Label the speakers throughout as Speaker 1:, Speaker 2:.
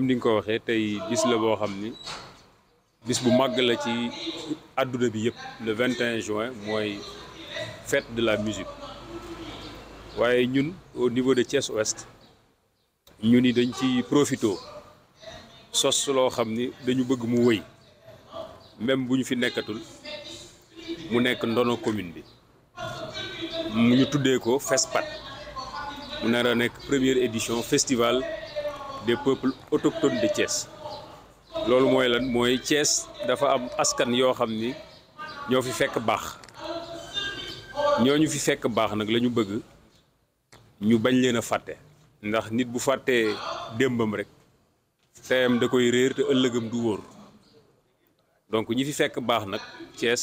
Speaker 1: comme ni nga ko waxee tey bis la boo xam ni bis bu màgg la ci àdduna bi yëpp le 21 juin mooy fête de la musique waaye ñun au niveau de Thiès Ouest ñu ni dañ ci profito sos loo xam ni dañu bëgg mu wëy même bu ñu fi nekkatul mu nekk ndono commune bi mu ñu tuddee ko FESPAT mu nar a nekk première édition festival des peuples autochtones de Thiès loolu mooy lan mooy Thiès dafa am askan yoo xam ni ñoo fi fekk baax ñoo ñu fi fekk baax nag lañu bëgg ñu bañ leen a fàtte ndax nit bu fàttee démbam rek teyam da koy réer te ëllëgam du wóor donc ñi fi fekk baax nag cees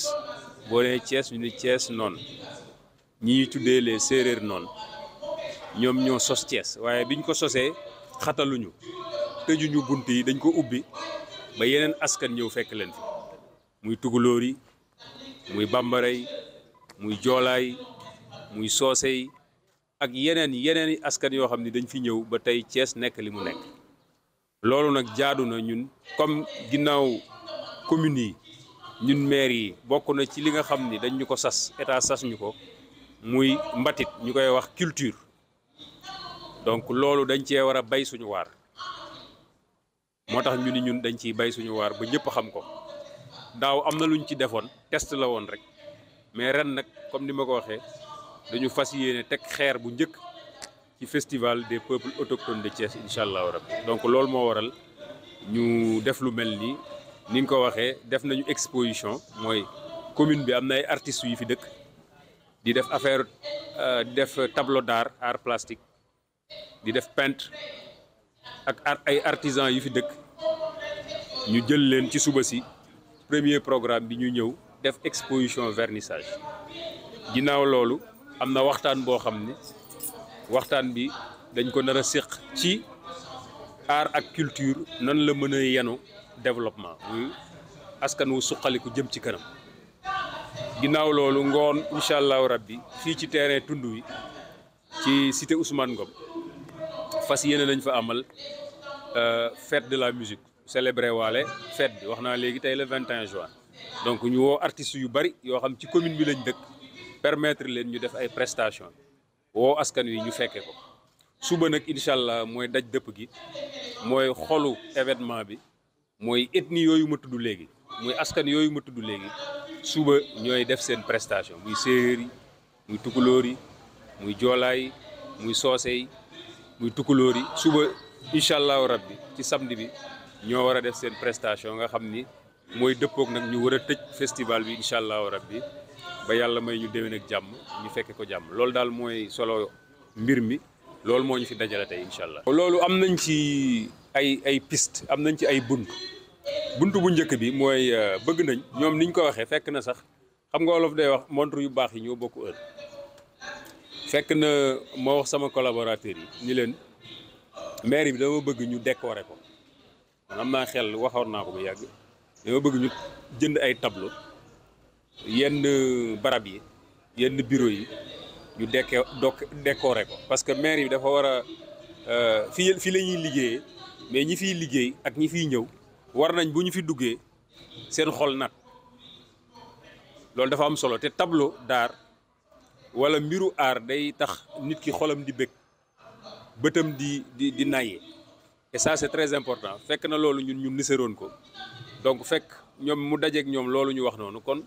Speaker 1: boo nee Thiès ñu ne Thiès noonu ñi ñuy tuddee les séeréer noonu ñoom ñoo sos Thiès waaye biñ ko sosee xataluñu tëjuñu bunt yi dañ ko ubbi ba yeneen askan ñëw fekk leen fi muy tugalóor yi muy bambara muy joolaay muy soose yi ak yeneen yeneen i askan yoo xam ne dañ fi ñëw ba tey cees nekk li mu nekk loolu nag jaadu na ñun comme ginnaaw communes yi ñun maire yi bokk na ci li nga xam ni dañ ko sas état sas ñu ko muy mbatit ñu koy wax culture donc loolu dañ cee war a bay suñu waar moo tax ñu ni ñun dañ ciy bay suñu waar ba ñëpp xam ko daaw am na luñ ci defoon test la woon rek mais ren nag comme ni ma ko waxee dañu fas yéene teg xeer bu njëkk ci festival des peuples autochtones de Thiès incha allahu rabbi donc loolu moo waral ñu def lu mel nii ni nga ko waxee def nañu exposition mooy commune bi am na ay artistes yu fi dëkk di def affaire euh, di def tableau d'art art plastique di def peintre ak ay artisans yu fi dëkk ñu jël leen ci suba si premier programme bi ñu ñëw def exposition vernissage ginnaaw loolu am na waxtaan boo xam ne waxtaan bi dañ ko nar a séq ci aar ak culture nan la mën a yenu développement muy askan wu suqaliku jëm ci kanam ginnaaw loolu ngoon incha allahu rabbi fii ci terrain tund wi ci cité Ousmane Ngom fas yéene nañ fa amal euh, fête de la musique célébré waale fête bi wax naa léegi tey le 21 juin donc ñu woo artistes yu bari yoo xam ci commune bi lañ dëkk permettre leen ñu def ay prestation woo askan wi ñu fekkee ko suba nag incha allah mooy daj dëpp gi mooy xolu événement bi mooy ethnie yooyu ma tudd léegi muy askan yooyu ma tudd léegi suba ñooy def seen prestation muy séeréer yi muy tukulóor yi muy joolaay yi muy soose yi muy tukkulóor yi suba incha allahu rabbi ci samedi bi ñoo war a def seen prestation nga xam ni mooy dëppook nag ñu war a tëj festival bi incha allahu rabbi ba yàlla may ñu déwén ak jàmm ñu fekkee ko jàmm loolu daal mooy solo mbir mi loolu moo ñu fi dajale tey incha allah. loolu am nañ ci ay ay piste am nañ ci ay bunt bunt bu njëkk bi mooy euh, bëgg nañ ñoom niñ ko waxee fekk na sax xam nga wolof day wax montre yu baax yi ñoo bokk heure fekk na ma wax sama collaborateurs yi ni leen maire bi dama bëgg ñu décorer ko man am xel waxoon naa ko bu yàgg dama bëgg ñu jënd ay tableau yenn barab yi yenn bureau yi ñu dekke dok décorer ko parce que maire bi dafa war a euh, fii fii la ñuy liggéeyee mais ñi fiy liggéey ak ñi fiy ñëw war nañ bu ñu fi duggee seen xol nag loolu dafa am solo te tableau daar wala mbiru aar day tax nit ki xolam di bëgg bëtam di di di naye et ça c'est très important fekk na loolu ñun ñu niseroon ko donc fekk ñoom mu dajeek ñoom loolu ñu wax noonu kon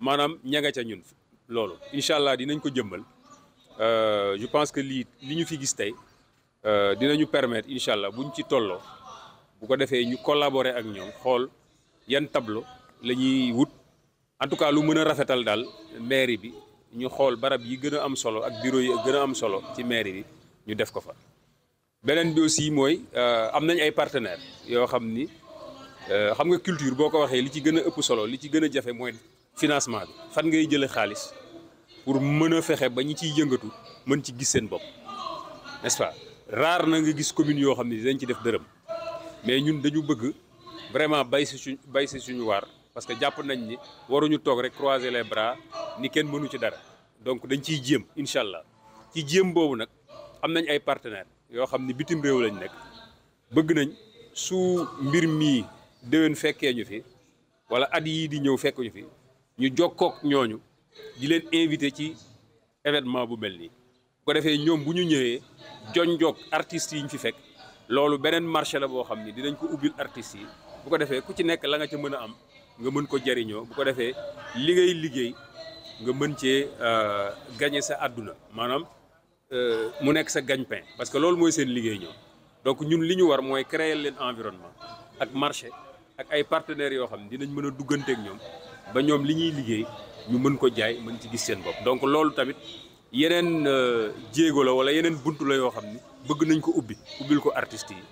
Speaker 1: maanaam ña nga ca ñun loolu incha allah dinañ ko jëmbal euh, je pense que lii li ñu fi gis tey euh, dinañu permettre incha allah ñu ci tolloo bu ko defee ñu collaborer ak ñoom xool yan tableau la ñuy wut en tout cas lu mën a rafetal daal mairie bi ñu xool barab yi gën a am solo ak bureau yi gën a am solo ci mairie yi ñu def ko fa beneen bi aussi mooy euh, am nañ ay partenaires yoo xam ni euh, xam nga culture boo ko waxee li ci gën a ëpp solo li ci gën a jafe mooy financement bi fan ngay jële xaalis pour mën a fexe ba ñi ciy yëngatu mën ci gis seen bopp nest pa pas na nga gis commune yoo xam ne dañ ci def dërëm mais ñun dañu bëgg vraiment bay si suñ bay si suñu waar parce que jàpp nañ ni waruñu toog rek croiser les bras ni kenn mënu ci dara donc dañ ciy jéem incha allah ci jéem boobu nag am nañ ay partenaires yoo xam ni bitim réew lañ nekk bëgg nañ su mbir mii déwén fekkee ñu fi wala at yii di ñëw fekkuñu fi ñu jokkook ñooñu di leen invité ci événement bu mel nii. bu ko defee ñoom bu ñu ñëwee jonjoog artistes yiñ ñu fi fekk loolu beneen marché la boo xam ni dinañ ko ubbil artistes yi bu ko defee ku ci nekk la nga ca mën a am. nga mën ko jariñoo bu ko defee li liggéey nga mën cee euh, gagné sa àdduna maanaam euh, mu nekk sa gagne-pain parce que loolu mooy seen liggéey ñoom donc ñun li ñu war mooy créer leen environnement ak marché ak ay partenaires yoo xam ne dinañ mën a dugganteeg ñoom ba ñoom li ñuy liggéey ñu mën ko jaay mën ci gis seen bopp donc loolu tamit yeneen euh, jéego la wala yeneen bunt la yoo xam ni bëgg nañ ko ubbi ubbil ko artistes yi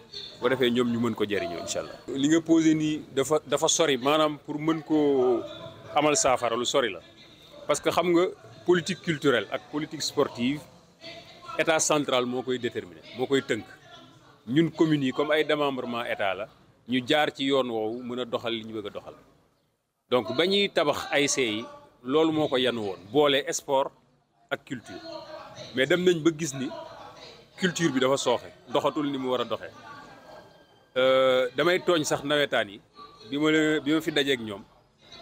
Speaker 1: bu defee ñoom ñu mën ko jëriñoo incha allah. li nga posé nii dafa dafa sori maanaam pour mën koo amal saafara lu sori la parce que xam nga politique culturelle ak politique sportive état central moo koy déterminer moo koy tënk ñun communes yi comme ay démembrement état la ñu jaar ci yoon woowu mën a doxal li ñu bëgg a doxal donc ba ñuy tabax ay see yi loolu moo ko yanu woon boole sport. ak culture mais dem nañ ba gis ni culture bi dafa sooxe doxatul ni mu war a doxee euh, damay tooñ sax nawetaan yi bi ma leen bi ma fi dajeeg ñoom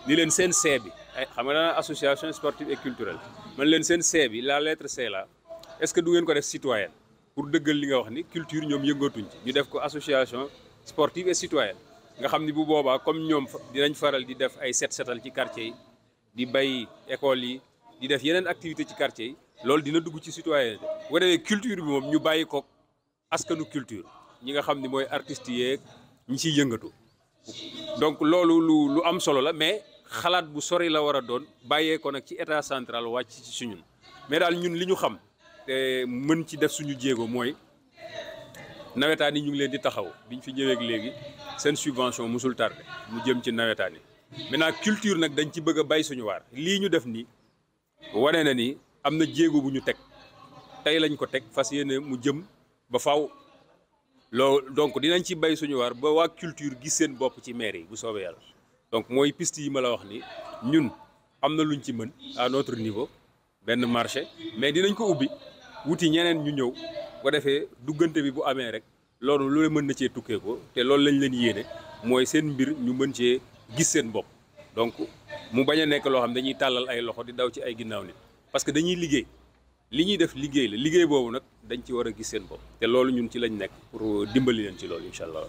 Speaker 1: ni leen seen C bi ay xam nga daanaka association sportive et culturelle man leen seen C bi la lettre C la est-ce que du ngeen ko def citoyenne pour dëggal li nga wax ni culture ñoom yëngatuñ ci ñu def ko association sportive et citoyenne nga xam ni bu boobaa comme ñoom dinañ faral di def ay set setal ci quartier yi di bay école yi. di def yeneen activité ci quartier yi loolu dina dugg ci citoyenneté bu culture bi moom ñu bàyyi ko askanu culture ñi nga xam ni mooy artistes yeeg ñi ciy yëngatu donc loolu lu lu am solo la mais xalaat bu sori la war a doon bàyyee nag ci état central wàcc ci suñun mais daal ñun li ñu xam te mën ci def suñu jéego mooy nawetaan yi ñu ngi leen di taxaw biñ fi ñëweeg léegi seen subvention musul tardé mu jëm ci nawetaan yi maintenant culture nag dañ ci bëgg a bay suñu waar lii ñu def nii wane na ni am na jéego bu ñu teg tey lañ ko teg fas yéene mu jëm ba faw loo donc dinañ ci bay suñu waar ba waa culture gis seen bopp ci maire yi bu soobee yàlla donc mooy piste yi ma la wax ni ñun am na lu luñ ci mën à notre niveau benn marché mais dinañ ko ubbi wuti ñeneen ñu ñëw ko defee duggante bi bu amee rek loolu lu mën na cee tukkee ko te loolu lañ leen yéene mooy seen mbir ñu mën cee gis seen bopp mu bañ a nekk loo xam dañuy tàllal ay loxo di daw ci ay ginnaaw nit parce que dañuy liggéey li ñuy def liggéey la liggéey boobu nag dañ ci war a gis seen bopp te loolu ñun ci lañ nekk pour dimbali leen ci loolu incha allah.